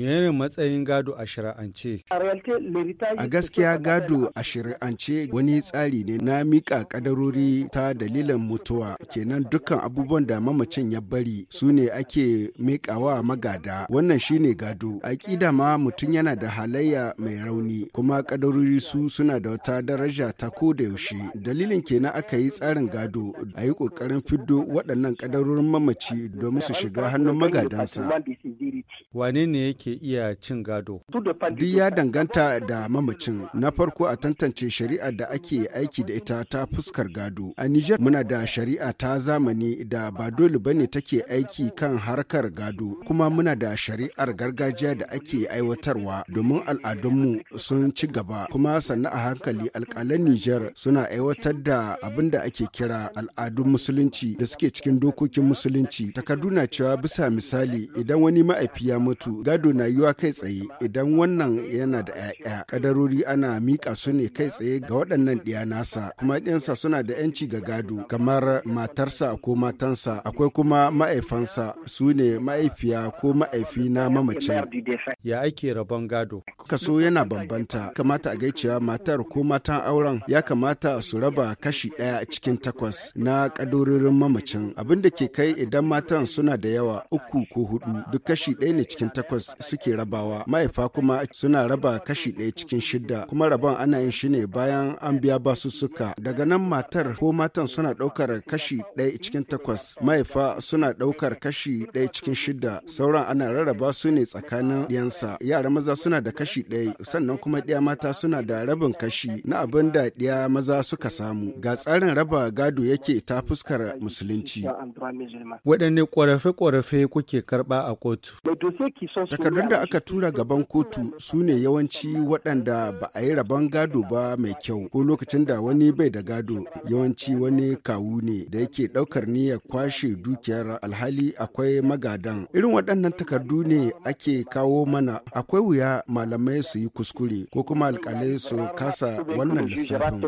menene matsayin gado a shari'ance? A gaskiya gado a shari'ance wani tsari ne na mika kadarori ta dalilan mutuwa kenan dukkan abubuwan da mamacin ya bari su ne ake mikawa magada wannan shine gado. Aƙida ma mutum yana da halayya mai rauni kuma kadarori su suna da wata daraja ta ko da yaushe. Dalilin kenan aka yi tsarin gado a yi ƙoƙarin fiddo waɗannan kadarorin mamaci domin su shiga hannun magadansa. wane ne yake iya cin gado? Duk ya danganta da mamacin. Na farko a tantance shari'a da ake aiki da ita ta fuskar gado. A Nijar muna da shari'a ta zamani da ba dole bane take aiki kan harkar gado, kuma muna da shari'ar gargajiya da ake aiwatarwa domin al'adunmu sun ci gaba. Kuma sannan a hankali alƙalan Nijar suna aiwatar da abin da ake kira al'adun musulunci da suke cikin dokokin musulunci. Takardu na cewa bisa misali idan wani ma'aifiya mutu gado na yiwa kai tsaye idan wannan yana da 'ya'ya kadarori ana mika su ne kai tsaye ga waɗannan ɗiya nasa kuma ɗiyansa suna da 'yanci ga gado kamar matarsa ko matansa akwai kuma ma'aifansa su ne ma'aifiya ko ma'aifi na mamacin. Ya ake rabon gado? Kaso yana bambanta kamata a gaicewa matar ko matan auren ya kamata su raba kashi ɗaya cikin takwas na ƙadorin mamacin abin da ke kai idan matan suna da yawa uku ko hudu duk kashi ɗaya ne cikin takwas suke rabawa mahaifa kuma suna raba kashi ɗaya cikin shida kuma rabon ana yin shi ne bayan an biya suka daga nan matar ko matan suna ɗaukar kashi ɗaya cikin takwas mahaifa suna ɗaukar kashi ɗaya cikin shida sauran ana rarraba su ne tsakanin ɗiyansa yara maza suna da kashi ɗaya sannan kuma ɗiya mata suna da rabin kashi na abin da ɗiya maza suka samu ga tsarin raba gado yake ta fuskar musulunci waɗanne ƙorafe-ƙorafe kuke karɓa a kotu Takardun da aka tura gaban kotu su ne yawanci waɗanda ba a yi rabon gado ba mai kyau ko lokacin da wani bai da gado yawanci wani kawu ne da yake ɗaukar niyya kwashe dukiyar alhali akwai magadan. Irin waɗannan takardu ne ake kawo mana akwai wuya malamai su yi kuskure ko kuma alƙalai su kasa wannan lissafin.